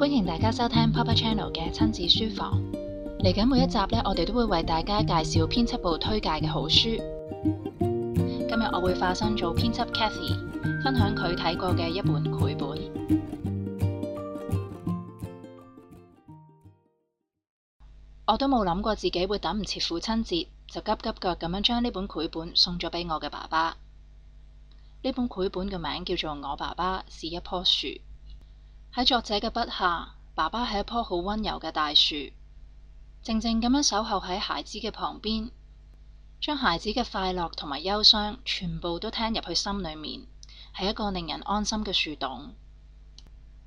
歡迎大家收聽 Papa Channel 嘅親子書房。嚟緊每一集呢，我哋都會為大家介紹編輯部推介嘅好書。今日我會化身做編輯 Cathy，分享佢睇過嘅一本繪本。我都冇諗過自己會等唔切父親節，就急急腳咁樣將呢本繪本送咗俾我嘅爸爸。呢本繪本嘅名叫做《我爸爸是一棵樹》。喺作者嘅筆下，爸爸係一棵好溫柔嘅大樹，靜靜咁樣守候喺孩子嘅旁邊，將孩子嘅快樂同埋憂傷全部都聽入去心裏面，係一個令人安心嘅樹洞。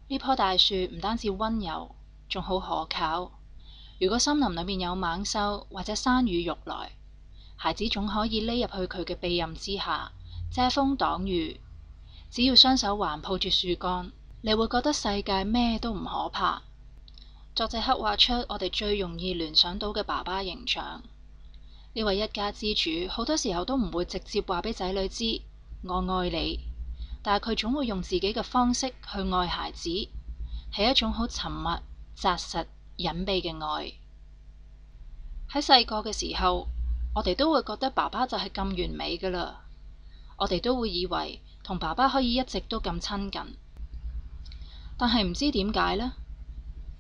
呢棵大樹唔單止溫柔，仲好可靠。如果森林裏面有猛獸或者山雨欲來，孩子總可以匿入去佢嘅庇蔭之下遮風擋雨。只要雙手環抱住樹幹。你會覺得世界咩都唔可怕。作者刻畫出我哋最容易聯想到嘅爸爸形象。呢位一家之主，好多時候都唔會直接話俾仔女知我愛你，但係佢總會用自己嘅方式去愛孩子，係一種好沉默、紮實、隱秘嘅愛。喺細個嘅時候，我哋都會覺得爸爸就係咁完美㗎喇，我哋都會以為同爸爸可以一直都咁親近。但係唔知點解呢？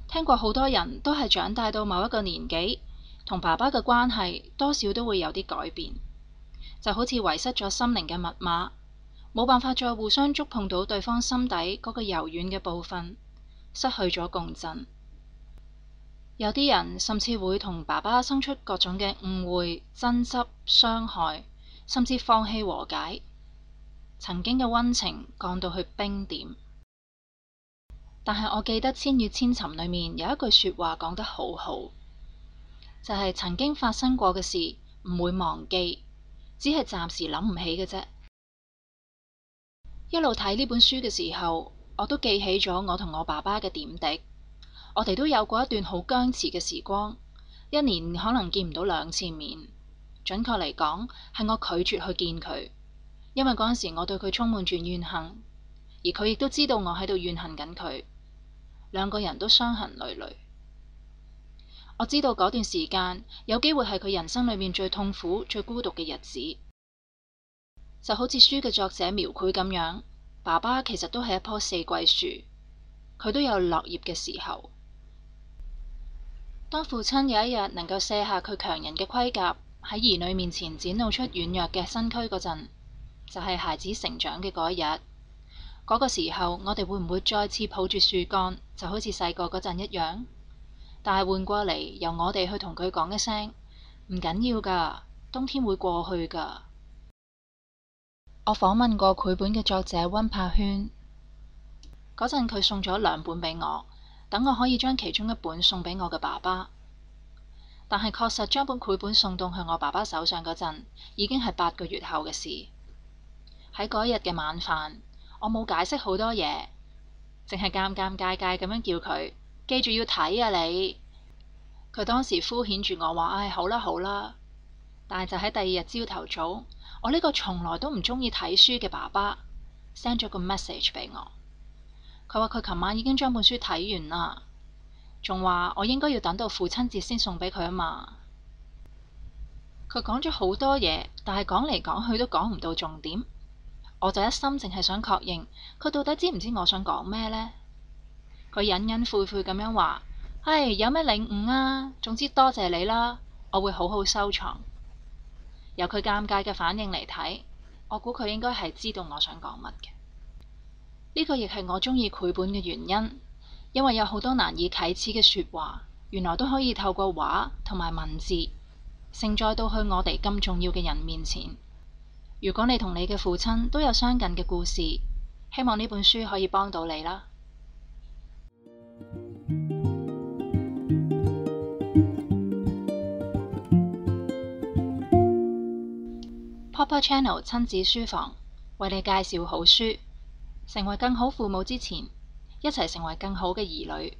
聽過好多人都係長大到某一個年紀，同爸爸嘅關係多少都會有啲改變，就好似遺失咗心靈嘅密碼，冇辦法再互相觸碰到對方心底嗰個柔軟嘅部分，失去咗共振。有啲人甚至會同爸爸生出各種嘅誤會、爭執、傷害，甚至放棄和解，曾經嘅溫情降到去冰點。但係我記得《千與千尋》裏面有一句說話講得好好，就係曾經發生過嘅事唔會忘記，只係暫時諗唔起嘅啫。一路睇呢本書嘅時候，我都記起咗我同我爸爸嘅點滴。我哋都有過一段好僵持嘅時光，一年可能見唔到兩次面。準確嚟講，係我拒絕去見佢，因為嗰陣時我對佢充滿住怨恨，而佢亦都知道我喺度怨恨緊佢。兩個人都傷痕累累。我知道嗰段時間有機會係佢人生裏面最痛苦、最孤獨嘅日子，就好似書嘅作者描繪咁樣，爸爸其實都係一棵四季樹，佢都有落葉嘅時候。當父親有一日能夠卸下佢強人嘅盔甲，喺兒女面前展露出軟弱嘅身軀嗰陣，就係、是、孩子成長嘅嗰一日。嗰、那個時候，我哋會唔會再次抱住樹幹？就好似細個嗰陣一樣，但係換過嚟，由我哋去同佢講一聲，唔緊要噶，冬天會過去噶。我訪問過繪本嘅作者溫柏軒，嗰陣佢送咗兩本俾我，等我可以將其中一本送俾我嘅爸爸。但係確實將本繪本送到去我爸爸手上嗰陣，已經係八個月後嘅事。喺嗰一日嘅晚飯，我冇解釋好多嘢。淨係尷尷尬尬咁樣叫佢，記住要睇啊你。佢當時敷衍住我話，唉，好啦好啦。但係就喺第二日朝頭早，我呢個從來都唔中意睇書嘅爸爸 send 咗個 message 俾我。佢話佢琴晚已經將本書睇完啦，仲話我應該要等到父親節先送俾佢啊嘛。佢講咗好多嘢，但係講嚟講去都講唔到重點。我就一心淨係想確認，佢到底知唔知我想講咩呢？佢隱隱晦晦咁樣話，唉、hey，有咩領悟啊？總之多謝你啦，我會好好收藏。由佢尷尬嘅反應嚟睇，我估佢應該係知道我想講乜嘅。呢、這個亦係我中意繪本嘅原因，因為有好多難以啟齒嘅說話，原來都可以透過畫同埋文字，承載到去我哋咁重要嘅人面前。如果你同你嘅父親都有相近嘅故事，希望呢本書可以幫到你啦。Papa Channel 親子書房為你介紹好書，成為更好父母之前，一齊成為更好嘅兒女。